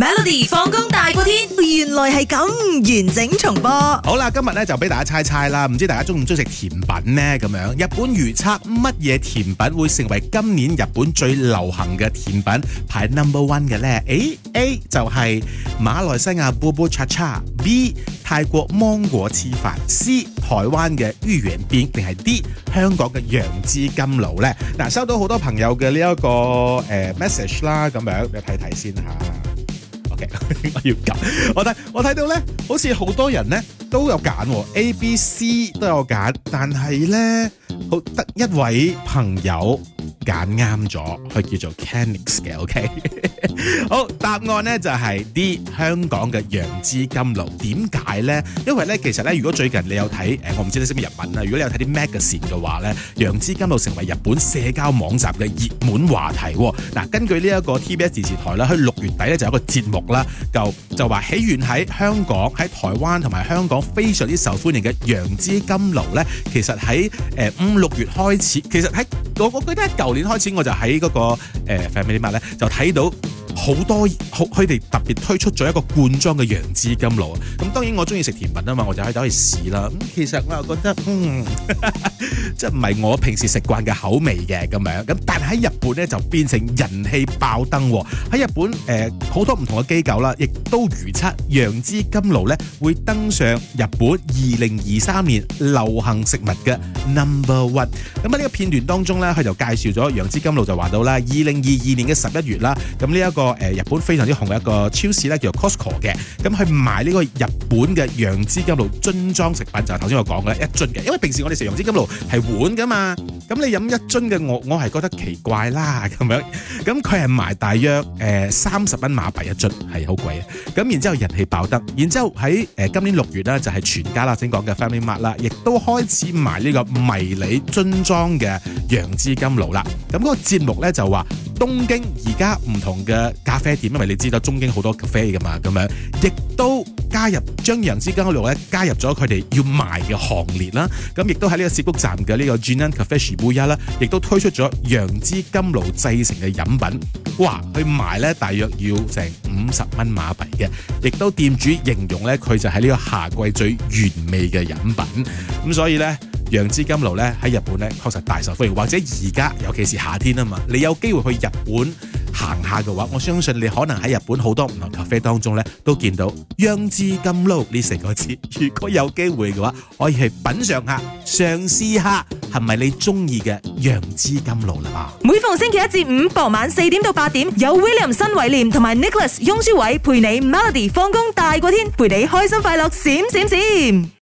Melody 放工大過天，原來係咁完整重播。好啦，今日咧就俾大家猜猜啦，唔知道大家中唔中意食甜品呢？咁樣？日本預測乜嘢甜品會成為今年日本最流行嘅甜品排 number one 嘅呢？誒 A，A 就係馬來西亞布布叉叉，B 泰國芒果黐飯，C 台灣嘅芋圓辮，定係 D 香港嘅楊枝甘露呢？嗱，收到好多朋友嘅呢一個誒、呃、message 啦，咁樣你睇睇先吓。一看一看 我要揀，我睇我睇到咧，好似好多人咧都有揀，A、B、C 都有揀，但係咧，好得一位朋友。揀啱咗，佢叫做 Canex 嘅，OK。 好，答案呢，就係、是、啲香港嘅楊枝金露。點解呢？因為呢，其實呢，如果最近你有睇、呃、我唔知你識唔識日文啦、啊。如果你有睇啲 magazine 嘅話呢，「楊枝金露成為日本社交網站嘅熱門話題、哦。嗱、啊，根據呢一個 TBS 電視台啦，佢六月底呢就有個節目啦，就就話起源喺香港、喺台灣同埋香港非常之受歡迎嘅楊枝金露呢其實喺五六月開始，其實喺。我我記得喺舊年開始，我就喺嗰個誒 Family Mart 咧就睇到。好多好佢哋特別推出咗一個罐裝嘅楊枝甘露啊！咁當然我中意食甜品啊嘛，我就可以走去試啦。咁其實我又覺得，嗯，即係唔係我平時食慣嘅口味嘅咁樣，咁但係喺日本咧就變成人氣爆燈喎。喺日本誒好多唔同嘅機構啦，亦都預測楊枝甘露咧會登上日本二零二三年流行食物嘅 number one。咁喺呢個片段當中咧，佢就介紹咗楊枝甘露，就話到啦，二零二二年嘅十一月啦，咁呢一個。個誒，日本非常之紅嘅一個超市咧，叫做 Costco 嘅，咁去買呢個日本嘅楊枝甘露樽裝食品，就係頭先我講嘅一樽嘅，因為平時我哋食楊枝甘露係碗噶嘛，咁你飲一樽嘅，我我係覺得奇怪啦，咁樣，咁佢係賣大約誒三十蚊馬幣一樽，係好貴嘅，咁然之後人氣爆得，然之後喺誒今年六月啦，就係全家啦，先講嘅 FamilyMart 啦，亦都開始賣呢個迷你樽裝嘅楊枝甘露啦，咁嗰個節目咧就話。東京而家唔同嘅咖啡店，因為你知道中京好多咖啡噶嘛，咁樣亦都加入將楊枝甘露咧加入咗佢哋要賣嘅行列啦。咁亦都喺呢個澀谷站嘅呢個 Genuine Cafe Shibuya 啦，亦都推出咗「楊枝甘露」製成嘅飲品，哇！去賣咧，大約要成五十蚊馬幣嘅。亦都店主形容咧，佢就係呢個夏季最完美嘅飲品。咁所以咧。楊枝甘露咧喺日本咧確實大受歡迎，或者而家尤其是夏天啊嘛，你有機會去日本行下嘅話，我相信你可能喺日本好多唔同咖啡當中咧都見到楊枝甘露呢四個字。如果有機會嘅話，可以去品嘗下，嘗試下係咪你中意嘅楊枝甘露啦吧。每逢星期一至五傍晚四點到八點，有 William 新偉廉同埋 Nicholas 雍舒偉陪你 Melody 放工大過天，陪你開心快樂閃閃閃。閃閃閃閃。